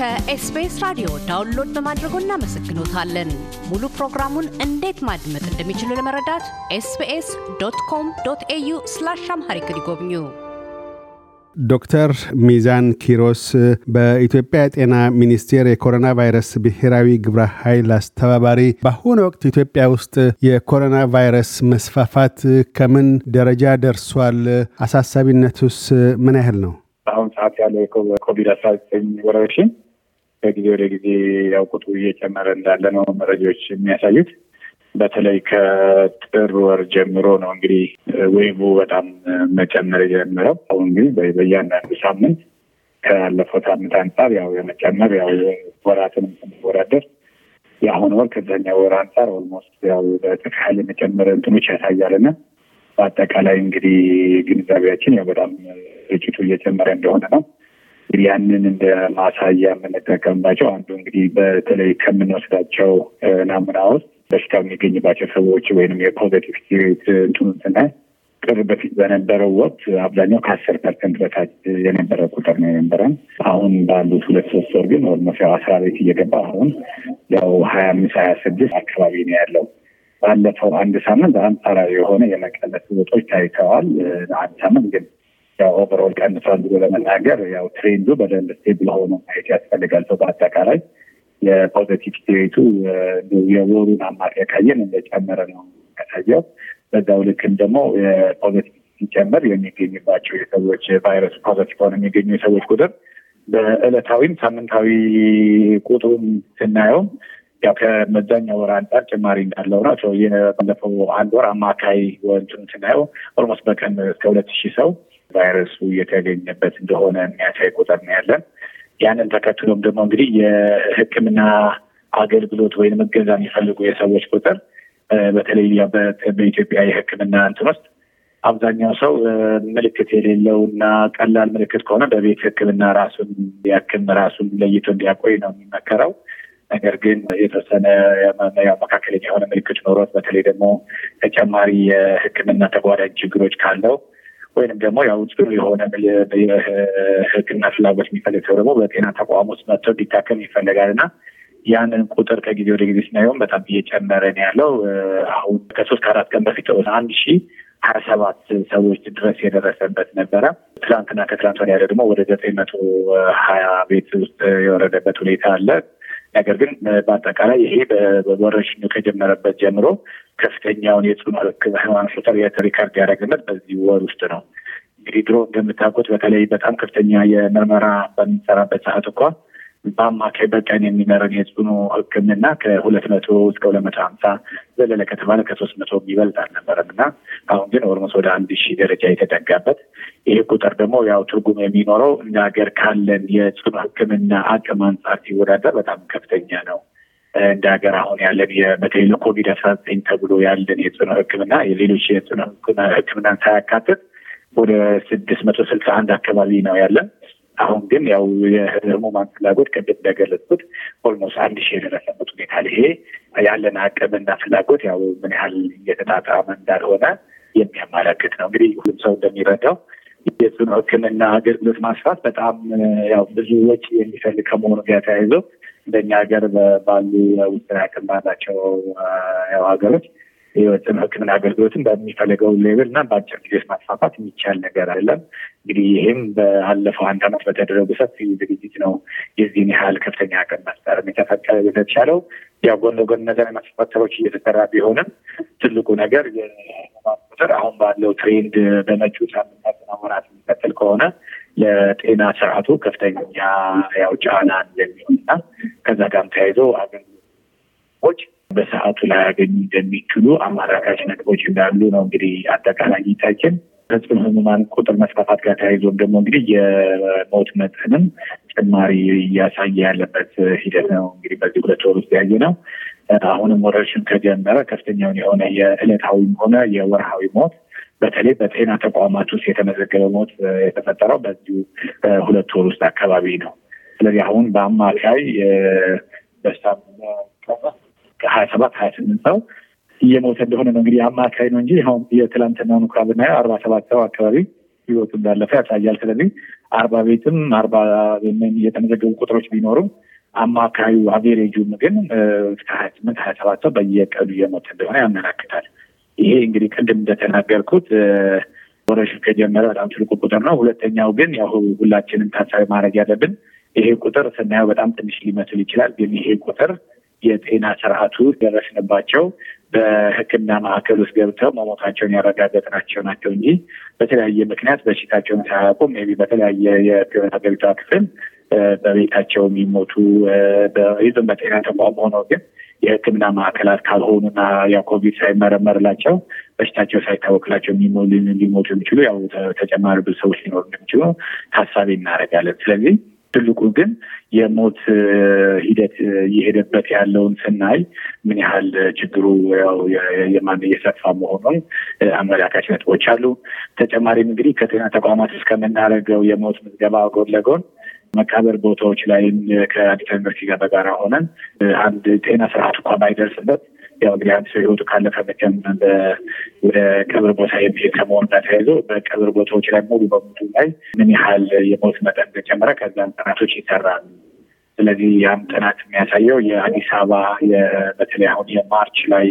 ከኤስቢኤስ ራዲዮ ዳውንሎድ በማድረጎ እናመሰግኖታለን። ሙሉ ፕሮግራሙን እንዴት ማድመጥ እንደሚችሉ ለመረዳት ኤስቢኤስ ዶት ኮም ዶት ኤዩ ስላሽ አምሃሪክ ይጎብኙ። ዶክተር ሚዛን ኪሮስ በኢትዮጵያ ጤና ሚኒስቴር የኮሮና ቫይረስ ብሔራዊ ግብረ ኃይል አስተባባሪ፣ በአሁኑ ወቅት ኢትዮጵያ ውስጥ የኮሮና ቫይረስ መስፋፋት ከምን ደረጃ ደርሷል? አሳሳቢነቱስ ምን ያህል ነው? በአሁኑ ሰዓት ያለው የኮቪድ አስራ ዘጠኝ ወረርሽኝ ከጊዜ ወደ ጊዜ ያው ቁጥሩ እየጨመረ እንዳለ ነው መረጃዎች የሚያሳዩት። በተለይ ከጥር ወር ጀምሮ ነው እንግዲህ ወይቡ በጣም መጨመር የጀመረው። አሁን እንግዲህ በእያንዳንዱ ሳምንት ካለፈው ሳምንት አንጻር ያው የመጨመር ያው ወራትን ስንወዳደር የአሁን ወር ከዛኛ ወር አንጻር ኦልሞስት ያው በጥፍ ያህል የመጨመር እንትኖች ያሳያልና በአጠቃላይ እንግዲህ ግንዛቤያችን ያው በጣም ርጭቱ እየጨመረ እንደሆነ ነው። ያንን እንደ ማሳያ የምንጠቀምባቸው አንዱ እንግዲህ በተለይ ከምንወስዳቸው ናሙና ውስጥ በሽታ የሚገኝባቸው ሰዎች ወይም የፖዘቲቭ ሲሬት እንትኑን ስናይ ቅርብ በፊት በነበረው ወቅት አብዛኛው ከአስር ፐርሰንት በታች የነበረ ቁጥር ነው የነበረን። አሁን ባሉት ሁለት ሶስት ወር ግን ኦልሞስ ያው አስራ ቤት እየገባ አሁን ያው ሀያ አምስት ሀያ ስድስት አካባቢ ነው ያለው። ባለፈው አንድ ሳምንት አንጻራዊ የሆነ የመቀነስ ለውጦች ታይተዋል። አንድ ሳምንት ግን ያው ኦቨሮል ቀንሷል ብሎ ለመናገር ያው ትሬንዱ በደንብ ስቴብል ሆኖ ማየት ያስፈልጋል። ሰው በአጠቃላይ የፖዘቲቭ ስቴቱ የወሩን አማካይ ካየን እንደጨመረ ነው የሚያሳየው። በዛው ልክም ደግሞ የፖዘቲቭ ሲጨምር የሚገኝባቸው የሰዎች ቫይረሱ ፖዘቲቭ ሆነ የሚገኙ የሰዎች ቁጥር በእለታዊም ሳምንታዊ ቁጥሩም ስናየውም ያው ከመዛኛው ወር አንጻር ጭማሪ እንዳለው ነው። ባለፈው አንድ ወር አማካይ ወንቱን ስናየው ኦልሞስት በቀን እስከ ሁለት ሺህ ሰው ቫይረሱ የተገኘበት እንደሆነ የሚያሳይ ቁጥር ነው ያለን። ያንን ተከትሎም ደግሞ እንግዲህ የሕክምና አገልግሎት ወይም እገዛ የሚፈልጉ የሰዎች ቁጥር በተለይ በኢትዮጵያ የሕክምና እንትን ውስጥ አብዛኛው ሰው ምልክት የሌለው እና ቀላል ምልክት ከሆነ በቤት ሕክምና ራሱን ያክም ራሱን ለይቶ እንዲያቆይ ነው የሚመከረው። ነገር ግን የተወሰነ መካከለኛ የሆነ ምልክት ኖሮት በተለይ ደግሞ ተጨማሪ የሕክምና ተጓዳኝ ችግሮች ካለው ወይንም ደግሞ ያው ጽኑ የሆነ የሕክምና ፍላጎት የሚፈልግ ሰው ደግሞ በጤና ተቋም ውስጥ መጥቶ እንዲታከም ይፈለጋል እና ያንን ቁጥር ከጊዜ ወደ ጊዜ ስናየውም በጣም እየጨመረ ነው ያለው። አሁን ከሶስት ከአራት ቀን በፊት አንድ ሺ ሀያ ሰባት ሰዎች ድረስ የደረሰበት ነበረ። ትላንትና ከትላንት ወዲያ ደግሞ ወደ ዘጠኝ መቶ ሀያ ቤት ውስጥ የወረደበት ሁኔታ አለ። ነገር ግን በአጠቃላይ ይሄ በወረርሽኙ ከጀመረበት ጀምሮ ከፍተኛውን የጽኑ ሃይማኖት ፍጠር ሪካርድ ያደረግነት በዚህ ወር ውስጥ ነው። እንግዲህ ድሮ እንደምታውቁት በተለይ በጣም ከፍተኛ የምርመራ በሚሰራበት ሰዓት እንኳ በአማካይ በቀን የሚመረን የጽኑ ሕክምና ከሁለት መቶ እስከ ሁለት መቶ ሀምሳ ዘለለ ከተባለ ከሶስት መቶ የሚበልጥ አልነበረም እና አሁን ግን ኦልሞስ ወደ አንድ ሺህ ደረጃ የተጠጋበት ይሄ ቁጥር ደግሞ ያው ትርጉም የሚኖረው እንደ ሀገር ካለን የጽኑ ሕክምና አቅም አንጻር ሲወዳደር በጣም ከፍተኛ ነው። እንደ ሀገር አሁን ያለን በተለይ ለኮቪድ አስራ ዘጠኝ ተብሎ ያለን የጽኑ ሕክምና የሌሎች የጽኑ ሕክምና ሳያካትት ወደ ስድስት መቶ ስልሳ አንድ አካባቢ ነው ያለን። አሁን ግን ያው የህሙማን ፍላጎት ቅድም እንደገለጽኩት ኦልሞስት አንድ ሺህ የደረሰበት ሁኔታ ይሄ ያለን አቅምና ፍላጎት ያው ምን ያህል እየተጣጣመ እንዳልሆነ የሚያመለክት ነው። እንግዲህ ሁሉም ሰው እንደሚረዳው የጽኑ ሕክምና አገልግሎት ማስፋት በጣም ያው ብዙ ወጪ የሚፈልግ ከመሆኑ ጋር ተያይዞ እንደኛ ሀገር ባሉ ውስን አቅም ባላቸው ያው ሀገሮች የጽኑ ሕክምና አገልግሎትን በሚፈልገው ሌብል እና በአጭር ጊዜ ማስፋፋት የሚቻል ነገር አይደለም። እንግዲህ ይህም በአለፈው አንድ አመት በተደረጉ ሰፊ ዝግጅት ነው የዚህን ያህል ከፍተኛ አቅም መፍጠር የተቻለው። ያው ጎን ጎን ነገር መፈተሮች እየተሰራ ቢሆንም ትልቁ ነገር ቁጥር አሁን ባለው ትሬንድ በመጪው ሳምንታትና ወራት የሚቀጥል ከሆነ ለጤና ስርዓቱ ከፍተኛ ያው ጫና እንደሚሆን እንደሚሆንና ከዛ ጋርም ተያይዞ አገልግሎች በሰዓቱ ላይ ያገኙ እንደሚችሉ አማራካች ነጥቦች እንዳሉ ነው እንግዲህ አጠቃላይ ጌታችን ከጽኑ ህሙማን ቁጥር መስፋፋት ጋር ተያይዞም ደግሞ እንግዲህ የሞት መጠንም ጭማሪ እያሳየ ያለበት ሂደት ነው። እንግዲህ በዚህ ሁለት ወር ውስጥ ያየ ነው። አሁንም ወረርሽኝ ከጀመረ ከፍተኛውን የሆነ የዕለታዊም ሆነ የወርሃዊ ሞት በተለይ በጤና ተቋማት ውስጥ የተመዘገበ ሞት የተፈጠረው በዚሁ ሁለት ወር ውስጥ አካባቢ ነው። ስለዚህ አሁን በአማካይ በሳ ሀያ ሰባት ሀያ ስምንት ሰው እየሞተ እንደሆነ ነው። እንግዲህ አማካይ ነው እንጂ ሁን የትላንትናውን እንኳ ብናየው አርባ ሰባት ሰው አካባቢ ህይወቱ እንዳለፈ ያሳያል። ስለዚህ አርባ ቤትም አርባ የተመዘገቡ ቁጥሮች ቢኖሩም አማካዩ አቬሬጁም ግን ሀያ ስምንት ሀያ ሰባት ሰው በየቀኑ እየሞተ እንደሆነ ያመላክታል። ይሄ እንግዲህ ቅድም እንደተናገርኩት ወረርሽኝ ከጀመረ በጣም ትልቁ ቁጥር ነው። ሁለተኛው ግን ያው ሁላችንም ታሳቢ ማድረግ ያለብን ይሄ ቁጥር ስናየው በጣም ትንሽ ሊመስል ይችላል። ግን ይሄ ቁጥር የጤና ስርዓቱ ደረስንባቸው በሕክምና ማዕከል ውስጥ ገብተው መሞታቸውን ያረጋገጥናቸው ናቸው እንጂ በተለያየ ምክንያት በሽታቸውን ሳያውቁ ሜይ ቢ በተለያየ የሀገሪቷ ክፍል በቤታቸው የሚሞቱ ይዞም በጤና ተቋም ሆነው ግን የሕክምና ማዕከላት ካልሆኑና ያው ኮቪድ ሳይመረመርላቸው በሽታቸው ሳይታወቅላቸው ሊሞቱ የሚችሉ ያው ተጨማሪ ብዙ ሰዎች ሊኖሩ እንደሚችሉ ታሳቢ እናደርጋለን። ስለዚህ ትልቁ ግን የሞት ሂደት እየሄደበት ያለውን ስናይ ምን ያህል ችግሩ የማን እየሰፋ መሆኑን አመላካች ነጥቦች አሉ። ተጨማሪም እንግዲህ ከጤና ተቋማት እስከምናደርገው የሞት ምዝገባ ጎን ለጎን መቃብር ቦታዎች ላይም ከአዲስ ዩኒቨርሲቲ ጋር በጋራ ሆነን አንድ ጤና ስርዓት እንኳ ባይደርስበት ያው እንግዲህ ህይወቱ ካለፈ መቼም ወደ ቀብር ቦታ የሚሄድ ከመሆኑ ጋር ተያይዞ በቀብር ቦታዎች ላይ ሙሉ በሙሉ ላይ ምን ያህል የሞት መጠን እንደጨመረ ከዛም ጥናቶች ይሰራሉ። ስለዚህ ያም ጥናት የሚያሳየው የአዲስ አበባ በተለይ አሁን የማርች ላይ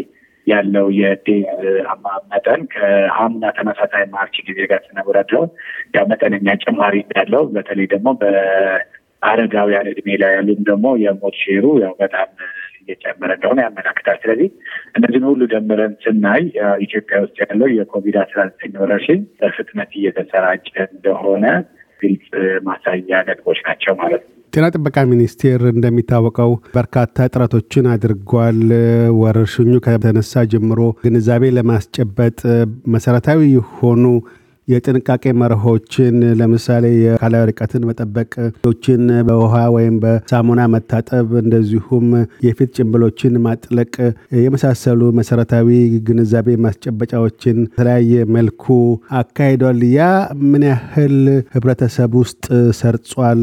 ያለው የዴዝ አማ መጠን ከአምና ተመሳሳይ ማርች ጊዜ ጋር ስናወዳድረው ያ መጠነኛ ጭማሪ ያለው በተለይ ደግሞ በአረጋውያን እድሜ ላይ ያሉም ደግሞ የሞት ሼሩ ያው በጣም እየጨመረ እንደሆነ ያመላክታል። ስለዚህ እነዚህን ሁሉ ደምረን ስናይ ኢትዮጵያ ውስጥ ያለው የኮቪድ አስራ ዘጠኝ ወረርሽኝ በፍጥነት እየተሰራጨ እንደሆነ ግልጽ ማሳያ ነጥቦች ናቸው ማለት ነው። ጤና ጥበቃ ሚኒስቴር እንደሚታወቀው በርካታ ጥረቶችን አድርጓል። ወረርሽኙ ከተነሳ ጀምሮ ግንዛቤ ለማስጨበጥ መሰረታዊ የሆኑ የጥንቃቄ መርሆችን ለምሳሌ የአካላዊ ርቀትን መጠበቅ፣ እጆችን በውሃ ወይም በሳሙና መታጠብ፣ እንደዚሁም የፊት ጭንብሎችን ማጥለቅ የመሳሰሉ መሰረታዊ ግንዛቤ ማስጨበጫዎችን በተለያየ መልኩ አካሂዷል። ያ ምን ያህል ህብረተሰብ ውስጥ ሰርጿል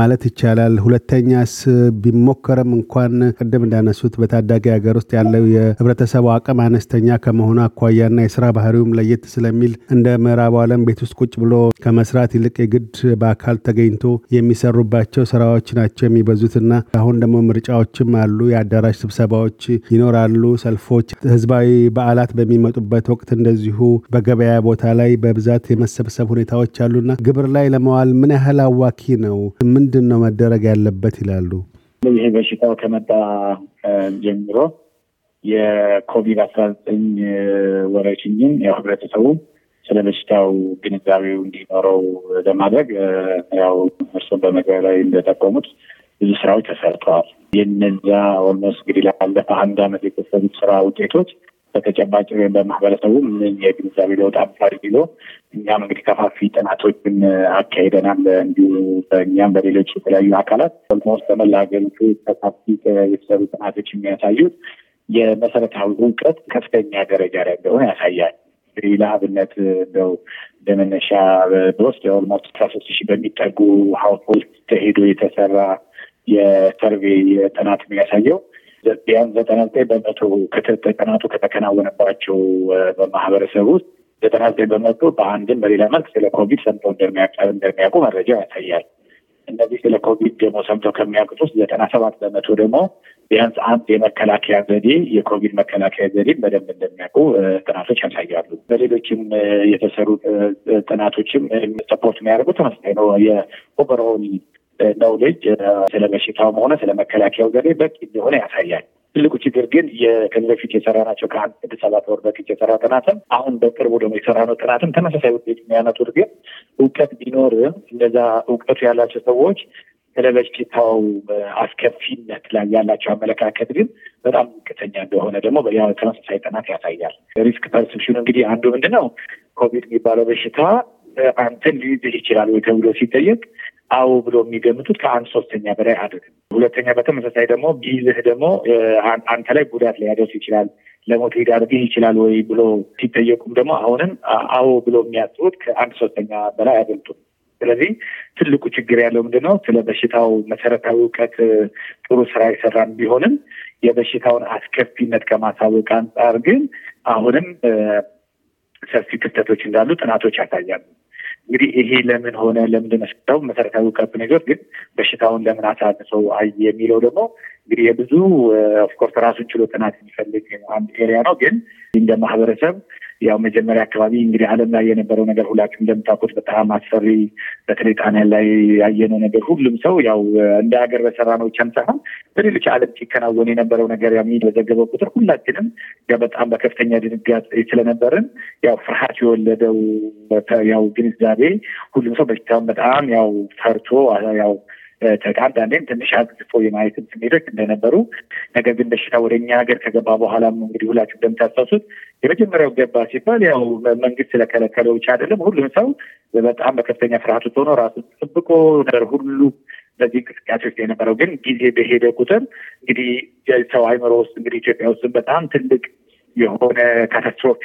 ማለት ይቻላል? ሁለተኛስ ቢሞከርም እንኳን ቅድም እንዳነሱት በታዳጊ ሀገር ውስጥ ያለው የህብረተሰቡ አቅም አነስተኛ ከመሆኑ አኳያና የስራ ባህሪውም ለየት ስለሚል እንደ ምዕራባ ዓለም ቤት ውስጥ ቁጭ ብሎ ከመስራት ይልቅ የግድ በአካል ተገኝቶ የሚሰሩባቸው ስራዎች ናቸው የሚበዙትና አሁን ደግሞ ምርጫዎችም አሉ፣ የአዳራሽ ስብሰባዎች ይኖራሉ፣ ሰልፎች፣ ህዝባዊ በዓላት በሚመጡበት ወቅት እንደዚሁ በገበያ ቦታ ላይ በብዛት የመሰብሰብ ሁኔታዎች አሉና ግብር ላይ ለመዋል ምን ያህል አዋኪ ነው? ምንድን ነው መደረግ ያለበት ይላሉ። ይሄ በሽታው ከመጣ ጀምሮ የኮቪድ አስራ ዘጠኝ ወረርሽኝን ያው ህብረተሰቡ ስለ በሽታው ግንዛቤው እንዲኖረው ለማድረግ ያው እርስዎም በመግቢያ ላይ እንደጠቆሙት ብዙ ስራዎች ተሰርተዋል። የነዛ ኦልሞስት እንግዲህ ላለፈ አንድ አመት የተሰሩት ስራ ውጤቶች በተጨባጭ ወይም በማህበረሰቡ ምን የግንዛቤ ለውጥ አምቷል ቢሎ እኛም እንግዲህ ከፋፊ ጥናቶችን አካሄደናል። እንዲሁ በእኛም በሌሎች የተለያዩ አካላት ኦልሞስት በመላ ሀገሪቱ ከፋፊ የተሰሩ ጥናቶች የሚያሳዩት የመሰረታዊ እውቀት ከፍተኛ ደረጃ ላይ እንደሆነ ያሳያል። ለአብነት እንደው ለመነሻ በወስድ ኦልሞስት አስራ ሶስት ሺህ በሚጠጉ ሀውልት ተሄዶ የተሰራ የሰርቬ ጥናት የሚያሳየው ቢያንስ ዘጠና ዘጠኝ በመቶ ጥናቱ ከተከናወነባቸው በማህበረሰብ ውስጥ ዘጠና ዘጠኝ በመቶ በአንድም በሌላ መልክ ስለ ኮቪድ ሰምተው እንደሚያውቁ መረጃ ያሳያል። እነዚህ ስለ ኮቪድ ደግሞ ሰምተው ከሚያውቁት ውስጥ ዘጠና ሰባት በመቶ ደግሞ ቢያንስ አንድ የመከላከያ ዘዴ የኮቪድ መከላከያ ዘዴ በደንብ እንደሚያውቁ ጥናቶች ያሳያሉ። በሌሎችም የተሰሩ ጥናቶችም ሰፖርት የሚያደርጉ ተመሳሳይ ነው። የኦቨርኦል ኖውሌጅ ስለ በሽታውም ሆነ ስለ መከላከያው ዘዴ በቂ እንደሆነ ያሳያል። ትልቁ ችግር ግን ከዚህ በፊት የሰራ ናቸው። ከአንድ ስድስት ሰባት ወር በፊት የሰራ ጥናትም አሁን በቅርቡ ደግሞ የሰራ ነው ጥናትም ተመሳሳይ ውጤት የሚያመጡት ግን እውቀት ቢኖርም እነዛ እውቀቱ ያላቸው ሰዎች ስለ በሽታው አስከፊነት ላይ ያላቸው አመለካከት ግን በጣም ዝቅተኛ እንደሆነ ደግሞ ተመሳሳይ ጥናት ያሳያል። ሪስክ ፐርሰፕሽኑ እንግዲህ አንዱ ምንድነው ኮቪድ የሚባለው በሽታ አንተን ሊይዝህ ይችላል ወይ ተብሎ ሲጠየቅ አዎ ብሎ የሚገምቱት ከአንድ ሶስተኛ በላይ አደግ ሁለተኛ በተመሳሳይ ደግሞ ቢይዝህ ደግሞ አንተ ላይ ጉዳት ሊያደርስ ይችላል ለሞት ሊዳርግህ ይችላል ወይ ብሎ ሲጠየቁም ደግሞ አሁንም አዎ ብሎ የሚያስቡት ከአንድ ሶስተኛ በላይ አይበልጡም። ስለዚህ ትልቁ ችግር ያለው ምንድነው? ስለ በሽታው መሰረታዊ እውቀት ጥሩ ስራ የሰራን ቢሆንም የበሽታውን አስከፊነት ከማሳወቅ አንጻር ግን አሁንም ሰፊ ክፍተቶች እንዳሉ ጥናቶች ያሳያሉ። እንግዲህ ይሄ ለምን ሆነ ለምን መስጠው መሰረታዊ ቀብ ነገር ግን በሽታውን ለምን አሳንሰው አይ የሚለው ደግሞ እንግዲህ የብዙ ኦፍኮርስ ራሱን ችሎ ጥናት የሚፈልግ አንድ ኤሪያ ነው። ግን እንደ ማህበረሰብ ያው መጀመሪያ አካባቢ እንግዲህ ዓለም ላይ የነበረው ነገር ሁላችሁ እንደምታውቁት በጣም አስፈሪ፣ በተለይ ጣሊያን ላይ ያየነው ነገር ሁሉም ሰው ያው እንደ ሀገር በሰራ ነው ብቻም ሳይሆን በሌሎች ዓለም ሲከናወን የነበረው ነገር ያው በዘገበው ቁጥር ሁላችንም በጣም በከፍተኛ ድንጋጤ ስለነበርን ያው ፍርሃት የወለደው ያው ግንዛቤ ሁሉም ሰው በሽታውን በጣም ያው ፈርቶ ያው አንዳንዴም ትንሽ አግዝፎ የማየትም ስሜቶች እንደነበሩ ነገር ግን በሽታ ወደ እኛ ሀገር ከገባ በኋላም እንግዲህ ሁላችሁ እንደምታስታውሱት የመጀመሪያው ገባ ሲባል ያው መንግስት ስለከለከለው ብቻ አይደለም። ሁሉም ሰው በጣም በከፍተኛ ፍርሃት ሆኖ ራሱን ጠብቆ ነበር ሁሉ በዚህ እንቅስቃሴ ውስጥ የነበረው ግን ጊዜ በሄደ ቁጥር እንግዲህ ሰው አይምሮ ውስጥ እንግዲህ ኢትዮጵያ ውስጥ በጣም ትልቅ የሆነ ካታስትሮፊ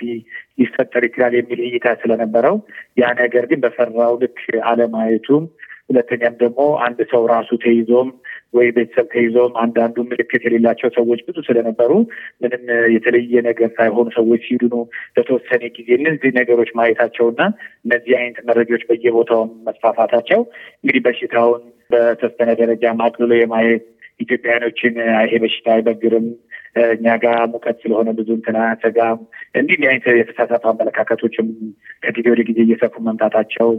ሊፈጠር ይችላል የሚል እይታ ስለነበረው ያ ነገር ግን በፈራው ልክ አለማየቱም ሁለተኛም ደግሞ አንድ ሰው ራሱ ተይዞም ወይ ቤተሰብ ተይዞም አንዳንዱ ምልክት የሌላቸው ሰዎች ብዙ ስለነበሩ ምንም የተለየ ነገር ሳይሆኑ ሰዎች ሲድኑ ለተወሰነ ጊዜ እነዚህ ነገሮች ማየታቸውና እነዚህ አይነት መረጃዎች በየቦታውን መስፋፋታቸው እንግዲህ በሽታውን በተወሰነ ደረጃ ማቅልሎ የማየት ኢትዮጵያውያኖችን ይሄ በሽታ አይበግርም፣ እኛ ጋር ሙቀት ስለሆነ ብዙ እንትን አያሰጋም። እንዲህ አይነት የተሳሳቱ አመለካከቶችም ከጊዜ ወደ ጊዜ እየሰፉ መምጣታቸው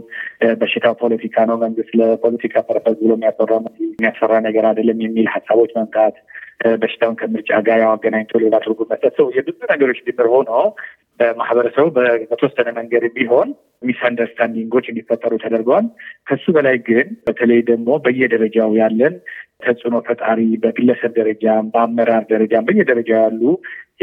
በሽታው ፖለቲካ ነው፣ መንግስት ለፖለቲካ ፐርፐዝ ብሎ የሚያሰራ ነገር አይደለም የሚል ሀሳቦች መምጣት በሽታውን ከምርጫ ጋር ያው አገናኝቶ ሌላ አድርጎ መስጠት ሰው የብዙ ነገሮች ድምር ሆኖ ማህበረሰቡ በተወሰነ መንገድ ቢሆን ሚስአንደርስታንዲንጎች እንዲፈጠሩ ተደርገዋል። ከሱ በላይ ግን በተለይ ደግሞ በየደረጃው ያለን ተጽዕኖ ፈጣሪ በግለሰብ ደረጃም በአመራር ደረጃም በየደረጃው ያሉ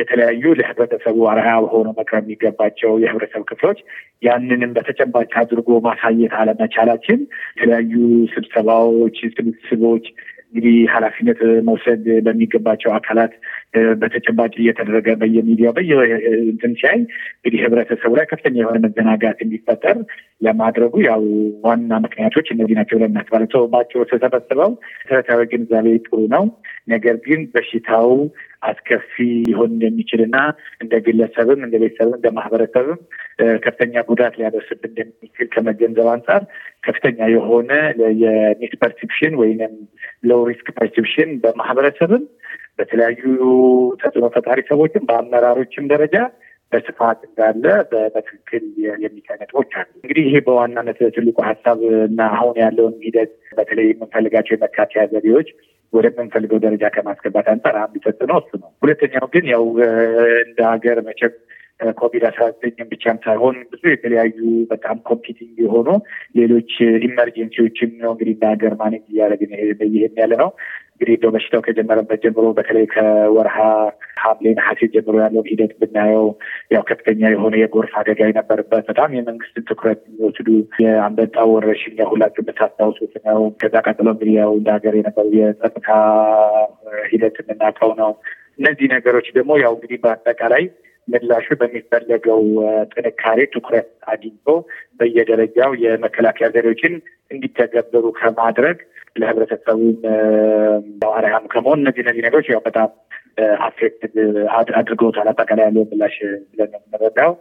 የተለያዩ ለህብረተሰቡ አርአያ ሆኖ መቅረብ የሚገባቸው የህብረተሰብ ክፍሎች ያንንም በተጨባጭ አድርጎ ማሳየት አለመቻላችን የተለያዩ ስብሰባዎች፣ ስብስቦች እንግዲህ ኃላፊነት መውሰድ በሚገባቸው አካላት በተጨባጭ እየተደረገ በየሚዲያው በየእንትን ሲያይ እንግዲህ ህብረተሰቡ ላይ ከፍተኛ የሆነ መዘናጋት እንዲፈጠር ለማድረጉ ያው ዋና ምክንያቶች እነዚህ ናቸው ብለን እናስባለን። ሰው ባቸው ተሰበስበው መሰረታዊ ግንዛቤ ጥሩ ነው። ነገር ግን በሽታው አስከፊ ሊሆን እንደሚችል እና እንደ ግለሰብም እንደ ቤተሰብም እንደ ማህበረሰብም ከፍተኛ ጉዳት ሊያደርስብ እንደሚችል ከመገንዘብ አንጻር ከፍተኛ የሆነ የሚስ ፐርሲፕሽን ወይም ሎው ሪስክ ፐርሲፕሽን በማህበረሰብም በተለያዩ ተጽዕኖ ፈጣሪ ሰዎችም በአመራሮችም ደረጃ በስፋት እንዳለ በትክክል የሚታይ ነጥቦች አሉ። እንግዲህ ይሄ በዋናነት ትልቁ ሀሳብ እና አሁን ያለውን ሂደት በተለይ የምንፈልጋቸው የመካከያ ዘዴዎች ወደምንፈልገው ደረጃ ከማስገባት አንጻር አንድ ተጽዕኖ እሱ ነው። ሁለተኛው ግን ያው እንደ ሀገር መቼም ኮቪድ አስራ ዘጠኝም ብቻም ሳይሆን ብዙ የተለያዩ በጣም ኮምፒቲንግ የሆኑ ሌሎች ኢመርጀንሲዎችም ነው እንግዲህ እንደ ሀገር ማኔጅ እያደረግን ይሄን ያለ ነው። እንግዲህ እንደው በሽታው ከጀመረበት ጀምሮ በተለይ ከወርሃ ሐምሌ ነሐሴ ጀምሮ ያለውን ሂደት ብናየው ያው ከፍተኛ የሆነ የጎርፍ አደጋ የነበረበት በጣም የመንግስትን ትኩረት የሚወስዱ የአንበጣ ወረርሽኝ ሁላችሁ የምታስታውሱት ነው። ከዛ ቀጥሎ እንግዲህ ያው እንደ ሀገር የነበሩ የጸጥታ ሂደት የምናውቀው ነው። እነዚህ ነገሮች ደግሞ ያው እንግዲህ በአጠቃላይ ምላሹ በሚፈለገው ጥንካሬ ትኩረት አግኝቶ በየደረጃው የመከላከያ ዘዴዎችን እንዲተገበሩ ከማድረግ ለህብረተሰቡ አርአያም ከመሆን እነዚህ እነዚህ ነገሮች ያው በጣም አፌክትድ አድርገውታል። አጠቃላይ ያለው ምላሽ ብለን ነው የምንረዳው።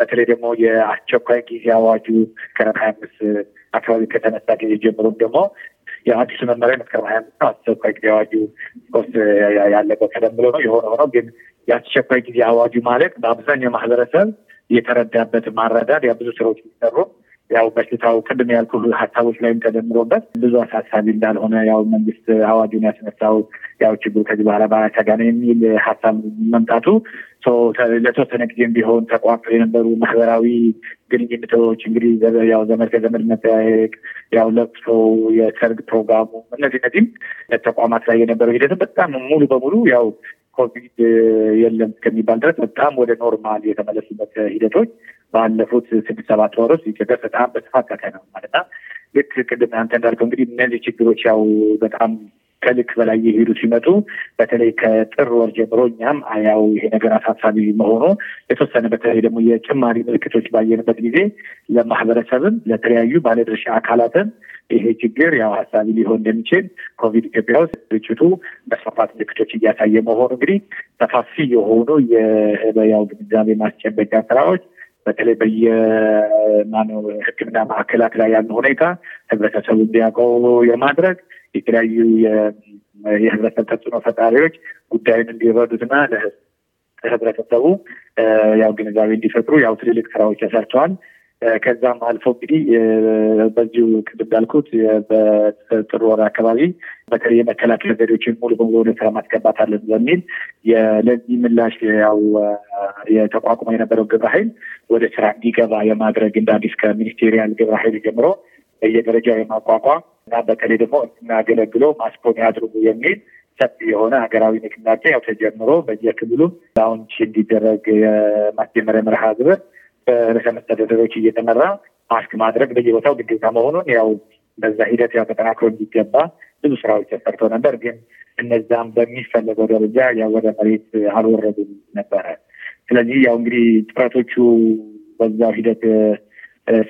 በተለይ ደግሞ የአስቸኳይ ጊዜ አዋጁ መስከረም ሀያ አምስት አካባቢ ከተነሳ ጊዜ ጀምሮ ደግሞ የአዲሱ መመሪያ መስከረም ሀያ አምስት ነው። አስቸኳይ ጊዜ አዋጁ ኮርስ ያለቀው ቀደም ብሎ ነው። የሆነ ሆኖ ግን የአስቸኳይ ጊዜ አዋጁ ማለት በአብዛኛው ማህበረሰብ የተረዳበት ማረዳድ ያ ብዙ ስራዎች የሚሰሩ ያው በሽታው ቅድም ያልኩ ሀሳቦች ላይም ተደምሮበት ብዙ አሳሳቢ እንዳልሆነ ያው መንግስት አዋጁን ያስነሳው ያው ችግሩ ከዚህ በኋላ በራቻ ጋር የሚል ሀሳብ መምጣቱ ለተወሰነ ጊዜም ቢሆን ተቋፍ የነበሩ ማህበራዊ ግንኙነቶች እንግዲህ ያው ዘመድ ከዘመድ መጠያየቅ፣ ያው ለቅሶ፣ የሰርግ ፕሮግራሙ እነዚህ እነዚህም ተቋማት ላይ የነበረው ሂደትም በጣም ሙሉ በሙሉ ያው ኮቪድ የለም እስከሚባል ድረስ በጣም ወደ ኖርማል የተመለሱበት ሂደቶች ባለፉት ስድስት ሰባት ወሮች ኢትዮጵያ በጣም በስፋት ተከናውኗል እና ልክ ቅድም አንተ እንዳልከው እንግዲህ እነዚህ ችግሮች ያው በጣም ከልክ በላይ የሄዱ ሲመጡ በተለይ ከጥር ወር ጀምሮ እኛም አያው ይሄ ነገር አሳሳቢ መሆኑ የተወሰነ በተለይ ደግሞ የጭማሪ ምልክቶች ባየንበት ጊዜ ለማህበረሰብም ለተለያዩ ባለድርሻ አካላትም ይሄ ችግር ያው ሀሳቢ ሊሆን እንደሚችል ኮቪድ ኢትዮጵያ ውስጥ ድርጅቱ መስፋፋት ምልክቶች እያሳየ መሆኑ እንግዲህ ሰፋፊ የሆኑ የህበያው ግንዛቤ ማስጨበጫ ስራዎች በተለይ በየማነው ህክምና ማዕከላት ላይ ያለ ሁኔታ ህብረተሰቡ እንዲያውቀው የማድረግ የተለያዩ የህብረተሰብ ተጽዕኖ ፈጣሪዎች ጉዳዩን እንዲረዱትና ለህብረተሰቡ ያው ግንዛቤ እንዲፈጥሩ ያው ትልልቅ ስራዎች ተሰርተዋል። ከዛም አልፎ እንግዲህ በዚሁ ቅድም እንዳልኩት በጥር ወር አካባቢ በተለይ የመከላከያ ዘዴዎችን ሙሉ በሙሉ ወደ ስራ ማስገባት አለን በሚል ለዚህ ምላሽ ያው የተቋቁሞ የነበረው ግብረ ኃይል ወደ ስራ እንዲገባ የማድረግ እንደ አዲስ ከሚኒስቴሪያል ግብረ ኃይል ጀምሮ በየደረጃው የማቋቋም እና በተለይ ደግሞ እናገለግለው ማስኮን ያድርጉ የሚል ሰፊ የሆነ ሀገራዊ ንቅናቄ ያው ተጀምሮ በየክልሉ ላውንች እንዲደረግ የማስጀመሪያ መርሃ ግብር በርዕሰ መስተዳደሮች እየተመራ ማስክ ማድረግ በየቦታው ግዴታ መሆኑን ያው በዛ ሂደት ያው ተጠናክሮ እንዲገባ ብዙ ስራዎች ተሰርተው ነበር። ግን እነዛም በሚፈለገው ደረጃ ያው ወደ መሬት አልወረዱም ነበረ። ስለዚህ ያው እንግዲህ ጥረቶቹ በዛው ሂደት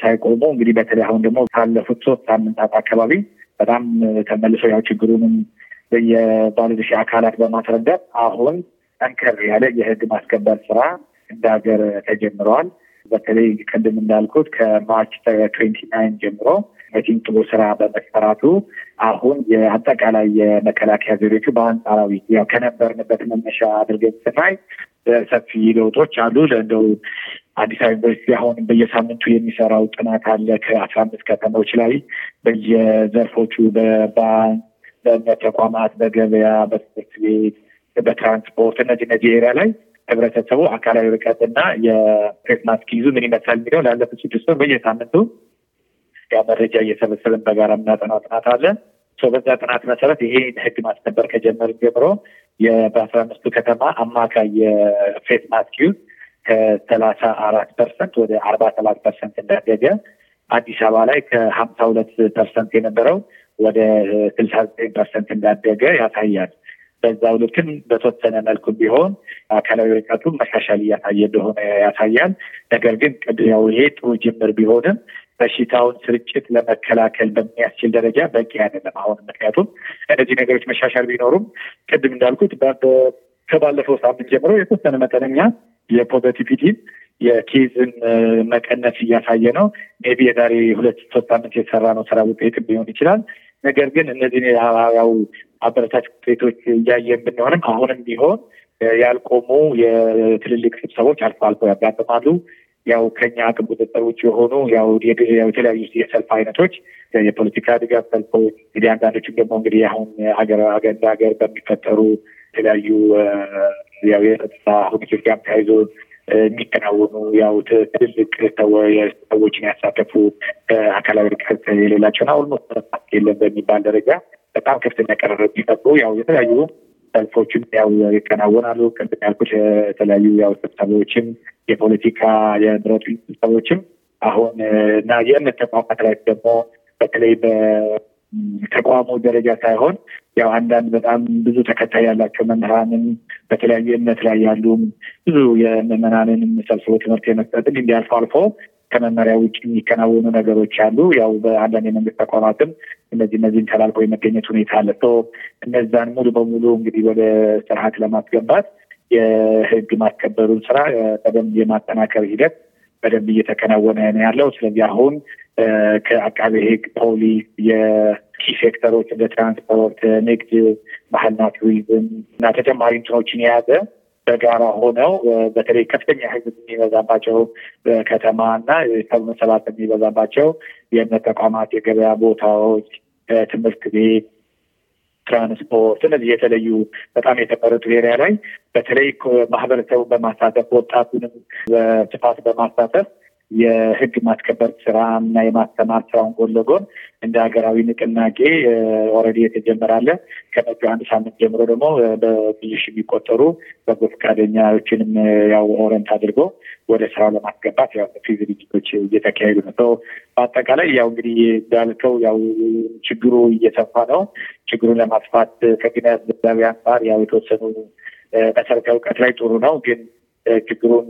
ሳይቆሙ እንግዲህ በተለይ አሁን ደግሞ ካለፉት ሶስት ሳምንታት አካባቢ በጣም ተመልሶ ያው ችግሩንም የባለድርሻ አካላት በማስረዳት አሁን ጠንከር ያለ የህግ ማስከበር ስራ እንደ ሀገር ተጀምረዋል። በተለይ ቅድም እንዳልኩት ከማርች ትዌንቲ ናይን ጀምሮ ቲንክ ጥሩ ስራ በመሰራቱ አሁን የአጠቃላይ የመከላከያ ዘዴዎቹ በአንጻራዊ ያው ከነበርንበት መነሻ አድርገን ስናይ ሰፊ ለውጦች አሉ። ለእንደው አዲስ አበባ ዩኒቨርሲቲ አሁንም በየሳምንቱ የሚሰራው ጥናት አለ ከአስራ አምስት ከተማዎች ላይ በየዘርፎቹ በባንክ፣ በእምነት ተቋማት፣ በገበያ፣ በትምህርት ቤት፣ በትራንስፖርት እነዚህ እነዚህ ኤሪያ ላይ ህብረተሰቡ አካላዊ ርቀትና የፌስ ማስክ ይዞ ምን ይመስላል የሚለው ላለፉት ስድስት ወር በየሳምንቱ ያ መረጃ እየሰበሰብን በጋራ የምናጠናው ጥናት አለ። በዛ ጥናት መሰረት ይሄን ህግ ማስከበር ከጀመር ጀምሮ በአስራ አምስቱ ከተማ አማካይ የፌስ ማስክ ዩዝ ከሰላሳ አራት ፐርሰንት ወደ አርባ ሰባት ፐርሰንት እንዳደገ አዲስ አበባ ላይ ከሀምሳ ሁለት ፐርሰንት የነበረው ወደ ስልሳ ዘጠኝ ፐርሰንት እንዳደገ ያሳያል። በዛው ልክም በተወሰነ መልኩ ቢሆን አካላዊ ርቀቱ መሻሻል እያሳየ እንደሆነ ያሳያል። ነገር ግን ቅድሚያው ይሄ ጥሩ ጅምር ቢሆንም በሽታውን ስርጭት ለመከላከል በሚያስችል ደረጃ በቂ አይደለም አሁን። ምክንያቱም እነዚህ ነገሮች መሻሻል ቢኖሩም ቅድም እንዳልኩት ከባለፈው ሳምንት ጀምሮ የተወሰነ መጠነኛ የፖዘቲቪቲ የኬዝን መቀነስ እያሳየ ነው። ሜቢ የዛሬ ሁለት ሶስት ዓመት የተሰራ ነው ስራ ውጤት ሊሆን ይችላል። ነገር ግን እነዚህን የሀባቢያው አበረታች ውጤቶች እያየን ብንሆንም አሁንም ቢሆን ያልቆሙ የትልልቅ ስብሰቦች አልፎ አልፎ ያጋጥማሉ። ያው ከኛ አቅም ቁጥጥር ውጭ የሆኑ የተለያዩ የሰልፍ አይነቶች የፖለቲካ ድጋፍ ሰልፎች እንግዲህ አንዳንዶችም ደግሞ እንግዲህ አሁን ሀገር እንደ ሀገር በሚፈጠሩ የተለያዩ ያው የጸጥታ ሁኔቶች ጋር ተያይዞ የሚከናወኑ ያው ትልቅ ሰዎችን ያሳተፉ አካላዊ ርቀት የሌላቸውን አሁን የለም በሚባል ደረጃ በጣም ከፍተኛ ቀረረ ሲፈጥሩ ያው የተለያዩ ሰልፎችም ያው ይከናወናሉ። ቅድም ያልኩት የተለያዩ ያው ስብሰባዎችም የፖለቲካ የምረጡኝ ስብሰባዎችም አሁን እና የእምነት ተቋማት ላይ ደግሞ በተለይ ተቋሙ ደረጃ ሳይሆን ያው አንዳንድ በጣም ብዙ ተከታይ ያላቸው መምህራንን በተለያዩ እምነት ላይ ያሉም ብዙ የምዕመናንን ሰብስቦ ትምህርት የመስጠትን እንዲህ አልፎ አልፎ ከመመሪያ ውጭ የሚከናወኑ ነገሮች አሉ። ያው በአንዳንድ የመንግስት ተቋማትም እነዚህ እነዚህን ተላልፎ የመገኘት ሁኔታ አለ። እነዛን ሙሉ በሙሉ እንግዲህ ወደ ስርዓት ለማስገባት የህግ ማስከበሩን ስራ በደንብ የማጠናከር ሂደት በደንብ እየተከናወነ ነው ያለው። ስለዚህ አሁን ከአቃቤ ሕግ፣ ፖሊስ፣ የኪ ሴክተሮች እንደ ትራንስፖርት፣ ንግድ፣ ባህልና ቱሪዝም እና ተጨማሪ እንትኖችን የያዘ በጋራ ሆነው በተለይ ከፍተኛ ህዝብ የሚበዛባቸው ከተማ እና ሰብ መሰባሰብ የሚበዛባቸው የእምነት ተቋማት፣ የገበያ ቦታዎች፣ ትምህርት ቤት ትራንስፖርት፣ እነዚህ የተለዩ በጣም የተመረጡ ኤሪያ ላይ በተለይ ማህበረሰቡ በማሳተፍ ወጣቱንም በስፋት በማሳተፍ የህግ ማስከበር ስራ እና የማስተማር ስራውን ጎን ለጎን እንደ ሀገራዊ ንቅናቄ ኦልሬዲ የተጀመራለ ከመጪው አንድ ሳምንት ጀምሮ ደግሞ በብዙ ሺህ የሚቆጠሩ በጎ ፈቃደኛዎችንም ያው ኦረንት አድርጎ ወደ ስራው ለማስገባት ያው ሰፊ ዝግጅቶች እየተካሄዱ ነው። በአጠቃላይ ያው እንግዲህ እንዳልከው ያው ችግሩ እየሰፋ ነው። ችግሩን ለማጥፋት ከግንያት ግንዛቤ አንጻር ያው የተወሰኑ መሰረታዊ እውቀት ላይ ጥሩ ነው ግን ችግሩን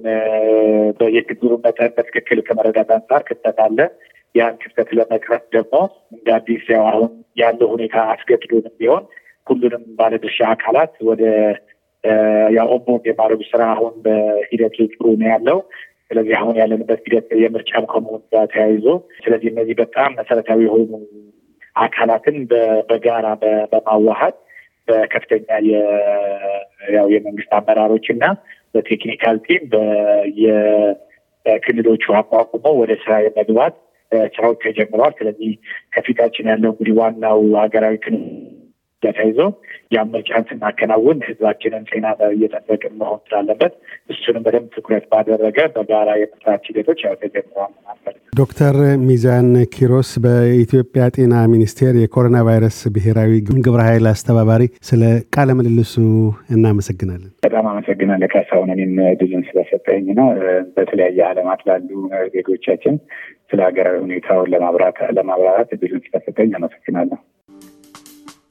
የችግሩን መጠን በትክክል ከመረዳት አንጻር ክፍተት አለ። ያን ክፍተት ለመቅረፍ ደግሞ እንደ አዲስ ያው አሁን ያለው ሁኔታ አስገድዶንም ቢሆን ሁሉንም ባለድርሻ አካላት ወደ ያው የማድረጉ ስራ አሁን በሂደት ጥሩ ነው ያለው። ስለዚህ አሁን ያለንበት ሂደት የምርጫም ከመሆኑ ጋር ተያይዞ ስለዚህ እነዚህ በጣም መሰረታዊ የሆኑ አካላትን በጋራ በማዋሀድ በከፍተኛ ያው የመንግስት አመራሮች እና በቴክኒካል ቲም በየክልሎቹ አቋቁመው ወደ ስራ የመግባት ስራዎች ተጀምረዋል። ስለዚህ ከፊታችን ያለው እንግዲህ ዋናው ሀገራዊ ክንል ተያይዞ ያን ምርጫን ስናከናውን ህዝባችንን ጤና እየጠበቅን መሆን ስላለበት እሱንም በደንብ ትኩረት ባደረገ በጋራ የመስራት ሂደቶች ያው ተጀምረዋል። ዶክተር ሚዛን ኪሮስ በኢትዮጵያ ጤና ሚኒስቴር የኮሮና ቫይረስ ብሔራዊ ግብረ ኃይል አስተባባሪ፣ ስለ ቃለ ምልልሱ እናመሰግናለን። በጣም አመሰግናለሁ ካሳሁን፣ እኔም ድልን ስለሰጠኝ እና በተለያየ ዓለማት ላሉ ዜጎቻችን ስለ ሀገራዊ ሁኔታውን ለማብራራት እድሉን ስለሰጠኝ አመሰግናለሁ።